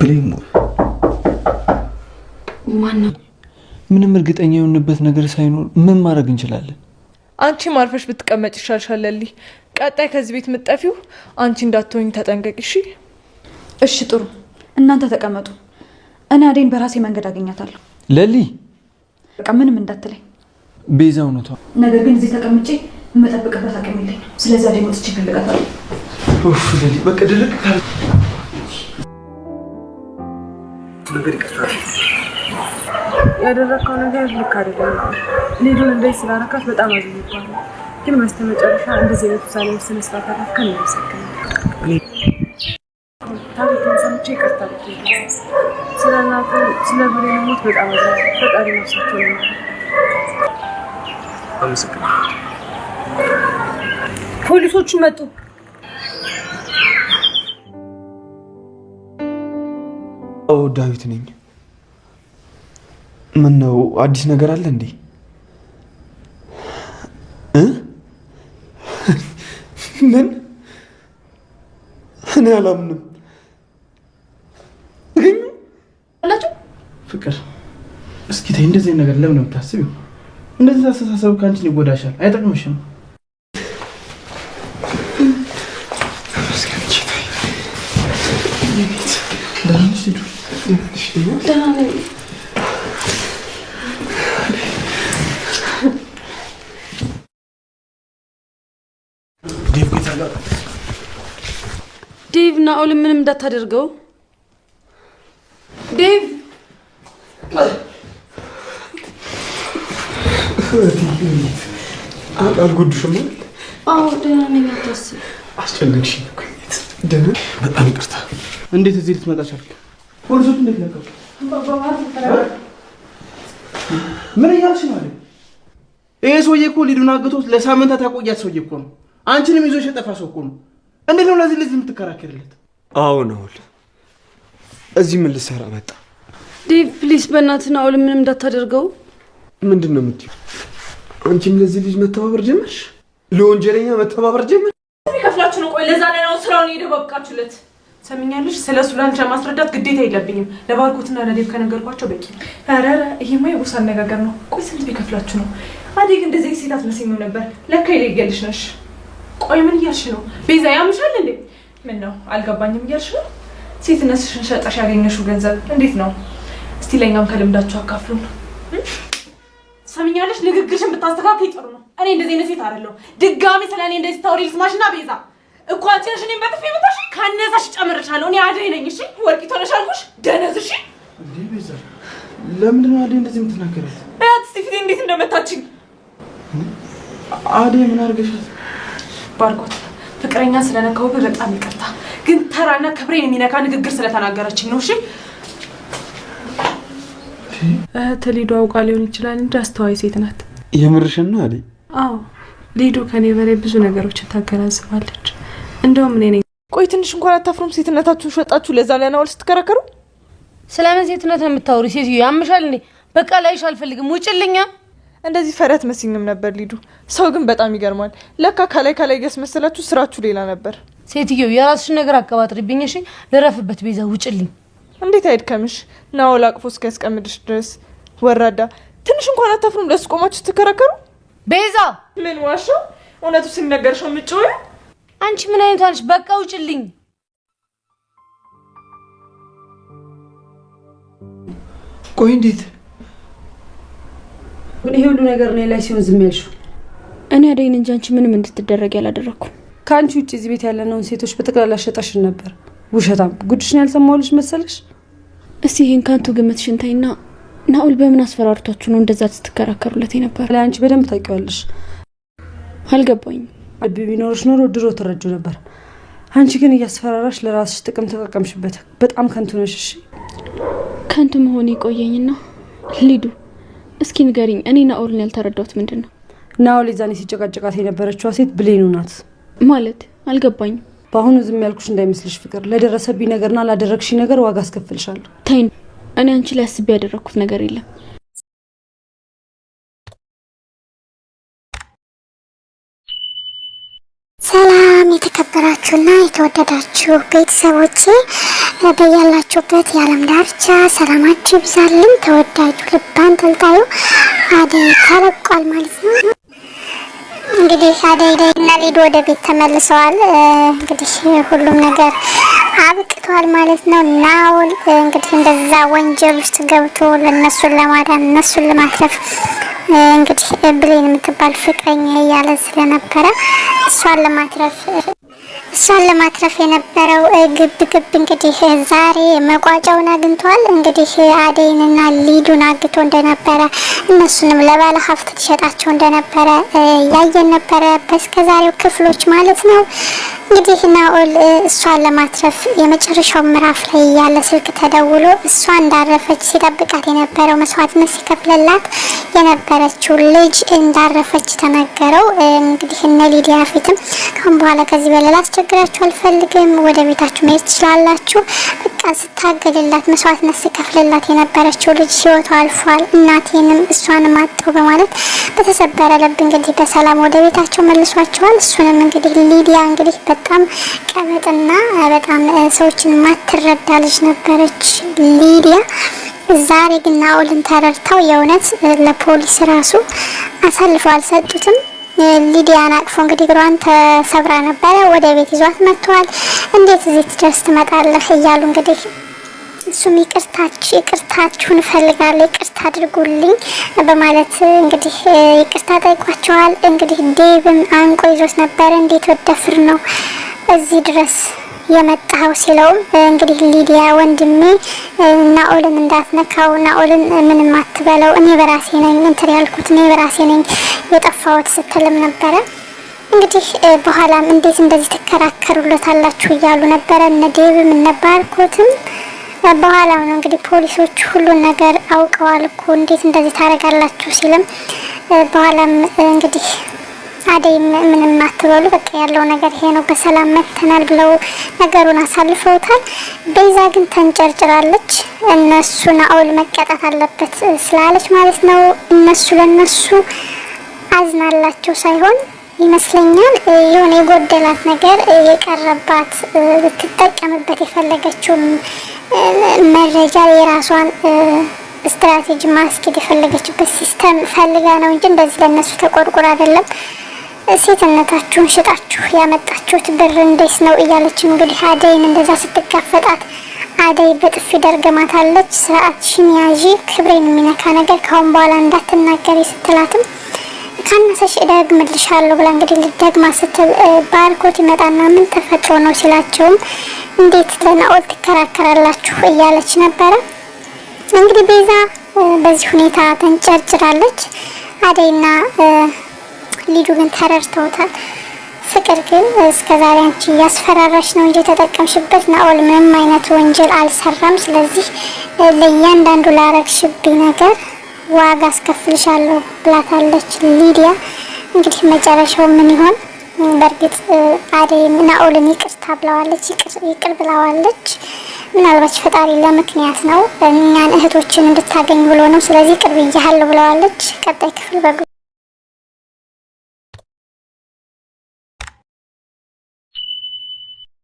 ብሌም ማነው? ምንም እርግጠኛ የሆንበት ነገር ሳይኖር ምን ማድረግ እንችላለን? አንቺ ማርፈሽ ብትቀመጭ ይሻልሻል። ቀጣይ ከዚህ ቤት የምትጠፊው አንቺ እንዳትሆኝ ተጠንቀቂ። እሺ፣ እሺ፣ ጥሩ እናንተ ተቀመጡ። እኔ አዴን በራሴ መንገድ አገኛታለሁ። ለሊ በቃ ምንም እንዳትለኝ። ቤዛ እውነቷ። ነገር ግን እዚህ ተቀምጬ የምጠብቅበት አቅም የለኝም። ስለዚህ አዴን ወጥቼ እፈልጋታለሁ። በቃ ድርቅ መንገድ ይቀጥላል። ያደረግከው ነገር ልክ አይደለም። ልጁን እንደዚህ ስላረካት በጣም አዝኝባለሁ፣ ግን በስተመጨረሻ እንደዚህ አይነት ውሳኔ ውስን ስላተረፍ ከን ያመሰግናል። ታሪክን ሰምቼ ይቅርታ ስለ እናቱ ስለ ብሬን ሞት በጣም አዝ ፈጣሪ ነፍሳቸው ነው። አመሰግናለሁ። ፖሊሶቹ መጡ። ኦ ዳዊት ነኝ። ምን ነው አዲስ ነገር አለ እንዴ? ምን እኔ አላምንም። አላችሁ ፍቅር፣ እስኪ ተይ እንደዚህ ነገር ለምን የምታስቢው እንደዚህ አስተሳሰብ ከአንቺን ይጎዳሻል፣ አይጠቅምሽም ዴቭ ናኦል ምንም እንዳታደርገው። ዴቭ አልጎድሽም? አዎ ደህና ነኝ። አታስብ። አስጨነቅሽኝ። በጣም ይቅርታ። እንዴት እዚህ ልትመጣ ቻልክ? ፖሊሶቹ እንዴት ነቀቁ? ምን እያልሽ ነው? ይሄ ሰውዬ እኮ ሊዱን አግቶት ለሳምንታት ያቆያት ሰውዬ እኮ ነው። አንቺንም ይዞ የጠፋ ሰው እኮ ነው። እንዴት ነው ለዚህ ልጅ የምትከራከርለት? አዎ ነውል። እዚህ ምን ልሰራ መጣ? ዴቭ ፕሊስ፣ በእናትን አውል ምንም እንዳታደርገው። ምንድን ነው የምትይው? አንቺም ለዚህ ልጅ መተባበር ጀመርሽ? ለወንጀለኛ መተባበር ጀመርሽ? ከፍላችሁ ነው። ቆይ ለዛ ነው ስራውን እየደባበቃችሁለት ሰምኛለሽ። ስለ እሱ ለአንቺ ለማስረዳት ግዴታ የለብኝም። ለባርኮትና ለዴብ ከነገርኳቸው በቂ። ኧረ ኧረ ይሄማ የቦሳ አነጋገር ነው። ቆይ ስንት ቢከፍላችሁ ነው? አዴግ እንደዚህ ሴት አትመስኝም ነበር። ለካ ይለያልሽ ነሽ። ቆይ ምን እያልሽ ነው? ቤዛ ያምሻል እንዴ? ምን ነው አልገባኝም እያልሽ ነው? ሴትነትሽን ሸጠሽ ያገኘሽው ገንዘብ እንዴት ነው? እስቲ ለእኛም ከልምዳችሁ አካፍሉን። ሰምኛለሽ። ንግግርሽን ብታስተካክል ጥሩ ነው። እኔ እንደዚህ አይነት ሴት አይደለሁ። ድጋሚ ስለ እኔ እንደዚህ ታወሪ ልስማሽና ቤዛ እኮ አንቺ ነሽ እኔን በጥፊ የመታሽ። ካነሳሽ ጨምርሻለሁ። እኔ አደይ ነኝ። እሺ አልኩሽ። ደነዝ። እሺ እንዴ ቤዛ፣ ለምንድን ነው አደይ እንደዚህ የምትናገራት? እስኪ ፊቴ እንዴት እንደመታችኝ። አደይ ምን አድርገሻት? ባርኮት ፍቅረኛ በጣም ይቅርታ፣ ግን ተራና ክብሬን የሚነካ ንግግር ስለተናገረችኝ ነው። እሺ እህት ሊዱ አውቃ ሊሆን ይችላል እንጂ አስተዋይ ሴት ናት። የምርሽን ነው አደይ? አዎ ከኔ በላይ ብዙ ነገሮችን ታገናዝባለች። እንደውም እኔ ነኝ። ቆይ ትንሽ እንኳን አታፍሩም? ሴትነታችሁን ሸጣችሁ ለዛ ለናወል ስትከረከሩ። ስለምን ሴትነት ነው የምታወሩ? ሴትዮ ያምሻል። እኔ በቃ ላይሽ አልፈልግም፣ ውጭልኛ። እንደዚህ ፈረት መስኝም ነበር ሊዱ። ሰው ግን በጣም ይገርማል። ለካ ከላይ ከላይ እያስመሰላችሁ ስራችሁ ሌላ ነበር። ሴትዮ የራስሽን ነገር አቀባጥሪብኝ። እሺ ልረፍበት። ቤዛ ውጭልኝ። እንዴት አይድከምሽ? ናወል አቅፎ እስከ ያስቀምድሽ ድረስ ወራዳ። ትንሽ እንኳን አታፍሩም? ለሱ ቆማችሁ ስትከረከሩ ቤዛ ምን ዋሻው? እውነቱ ሲነገርሽ ምጭ አንቺ ምን አይነቷ ነሽ? በቃ ውጭልኝ። ቆይ እንዴት ይሄ ሁሉ ነገር እኔ ላይ ሲሆን ዝም ያልሽው? እኔ አደይን እንጂ አንቺ ምንም እንድትደረግ ያላደረግኩም። ከአንቺ ውጭ እዚህ ቤት ያለነውን ሴቶች በጠቅላላ ሸጠሽን ነበር። ውሸታም ጉድሽን ያልሰማው ልጅ መሰለሽ። እስቲ ይህን ከአንቱ ግምት ሽንታይና ናኡል በምን አስፈራርቷችሁ ነው እንደዛ ስትከራከሩለት ላይ አንቺ በደንብ ታውቂዋለሽ። አልገባኝም ልብ ቢኖርሽ ኖሮ ድሮ ተረጁ ነበር። አንቺ ግን እያስፈራራሽ ለራስሽ ጥቅም ተጠቀምሽበት። በጣም ከንቱ ነሽ። እሺ ከንቱ መሆን ይቆየኝና፣ ሊዱ እስኪ ንገሪኝ፣ እኔ ናኦልን ያልተረዳሁት ምንድን ነው? ናኦል ዛኔ ሲጨቃጨቃት የነበረችዋ ሴት ብሌኑ ናት ማለት አልገባኝም። በአሁኑ ዝም ያልኩሽ እንዳይመስልሽ ፍቅር፣ ለደረሰብኝ ነገርና ላደረግሽ ነገር ዋጋ አስከፍልሻለሁ። ተይ፣ እኔ አንቺ ላይ አስቤ ያደረግኩት ነገር የለም ሰላም የተከበራችሁና የተወደዳችሁ ቤተሰቦቼ በያላችሁበት የዓለም ዳርቻ ሰላማችሁ ይብዛልን። ተወዳጁ ልባን ተንጣዩ አደይ ተለቋል ማለት ነው። እንግዲህ አደይ እና ሊዱ ወደ ቤት ተመልሰዋል። እንግዲህ ሁሉም ነገር አብቅቷል ማለት ነው። ናውል እንግዲህ እንደዛ ወንጀል ውስጥ ገብቶ ለእነሱን ለማዳን እነሱን ለማትረፍ እንግዲህ ብሌን የምትባል ፍቅረኛ እያለ ስለነበረ እሷን ለማትረፍ እሷን ለማትረፍ የነበረው ግብ ግብ እንግዲህ ዛሬ መቋጫውን አግኝቷል። እንግዲህ አደይንና ሊዱን አግቶ እንደነበረ እነሱንም ለባለ ሀብት ትሸጣቸው እንደነበረ ያየን ነበረ በስከዛሬው ክፍሎች ማለት ነው። እንግዲህ ናኦል እሷን ለማትረፍ የመጨረሻው ምዕራፍ ላይ ያለ ስልክ ተደውሎ እሷ እንዳረፈች ሲጠብቃት የነበረው መስዋዕትነት ሲከፍለላት የነበረ የነበረችው ልጅ እንዳረፈች ተነገረው። እንግዲህ እነ ሊዲያ ፊትም ካሁን በኋላ ከዚህ በላይ ላስቸግራችሁ አልፈልግም፣ ወደ ቤታችሁ መሄድ ትችላላችሁ፣ በቃ ስታገልላት፣ መስዋዕትነት ስከፍልላት የነበረችው ልጅ ህይወቱ አልፏል፣ እናቴንም እሷንም አጣው በማለት በተሰበረ ልብ እንግዲህ በሰላም ወደ ቤታቸው መልሷቸዋል። እሱንም እንግዲህ ሊዲያ እንግዲህ በጣም ቀበጥና በጣም ሰዎችን ማትረዳ ልጅ ነበረች ሊዲያ። ዛሬ ግን ናኦልን ተረድተው የእውነት ለፖሊስ ራሱ አሳልፈው አልሰጡትም። ሊዲያን አቅፎ እንግዲህ እግሯን ተሰብራ ነበረ። ወደ ቤት ይዟት መጥተዋል። እንዴት እዚህ ትደርስ ትመጣለህ እያሉ እንግዲህ እሱም ይቅርታችሁ ይቅርታችሁን እፈልጋለሁ ይቅርታ አድርጉልኝ በማለት እንግዲህ ይቅርታ ጠይቋቸዋል። እንግዲህ ዴብም አንቆ ይዞት ነበረ። እንዴት ወደፍር ነው እዚህ ድረስ የመጣኸው ሲለውም እንግዲህ ሊዲያ ወንድሜ ናኦልን እንዳትነካው፣ ናኦልን ምንም አትበለው፣ እኔ በራሴ ነኝ እንትን ያልኩት እኔ በራሴ ነኝ የጠፋሁት ስትልም ነበረ። እንግዲህ በኋላም እንዴት እንደዚህ ትከራከሩለታላችሁ እያሉ ነበረ እነ ዴብም እነ ባርኮትም በኋላ ነው እንግዲህ ፖሊሶች ሁሉን ነገር አውቀዋል እኮ እንዴት እንደዚህ ታደርጋላችሁ ሲልም በኋላም እንግዲህ አደይ ምንም አትበሉ፣ በቃ ያለው ነገር ይሄ ነው፣ በሰላም መተናል ብለው ነገሩን አሳልፈውታል። ቤዛ ግን ተንጨርጭራለች። እነሱን አውል መቀጣት አለበት ስላለች ማለት ነው። እነሱ ለነሱ አዝናላቸው ሳይሆን ይመስለኛል የሆነ የጎደላት ነገር የቀረባት ልትጠቀምበት የፈለገችውን መረጃ የራሷን ስትራቴጂ ማስኬድ የፈለገችበት ሲስተም ፈልጋ ነው እንጂ እንደዚህ ለእነሱ ተቆርቁር አይደለም። ሴትነታችሁን ሽጣችሁ ያመጣችሁት ብር እንዴት ነው እያለች እንግዲህ አደይን እንደዛ ስትጋፈጣት አደይ በጥፊ ደርገማታለች። ስርዓትሽን ያዢ፣ ክብሬን የሚነካ ነገር ካሁን በኋላ እንዳትናገሪ ስትላትም ካነሰሽ እደግምልሻለሁ ብላ እንግዲህ ልደግማ ስትል ባርኮት ይመጣና ምን ተፈጥሮ ነው ሲላቸውም እንዴት ለናኦል ትከራከራላችሁ እያለች ነበረ። እንግዲህ ቤዛ በዚህ ሁኔታ ተንጨርጭራለች። አደይና ሊዱ ግን ተረድተውታል። ፍቅር ግን እስከ ዛሬ አንቺ እያስፈራራሽ ነው እንጂ ተጠቀምሽበት፣ ናኦል ምንም አይነት ወንጀል አልሰራም። ስለዚህ ለእያንዳንዱ ላረግሽብኝ ነገር ዋጋ አስከፍልሻለሁ ብላታለች ሊዲያ። እንግዲህ መጨረሻው ምን ይሆን? በእርግጥ አደይም ናኦልን ይቅርታ ብለዋለች፣ ይቅር ብለዋለች። ምናልባት ፈጣሪ ለምክንያት ነው እኛን እህቶችን እንድታገኝ ብሎ ነው። ስለዚህ ቅርብ እያህል ብለዋለች። ቀጣይ ክፍል በ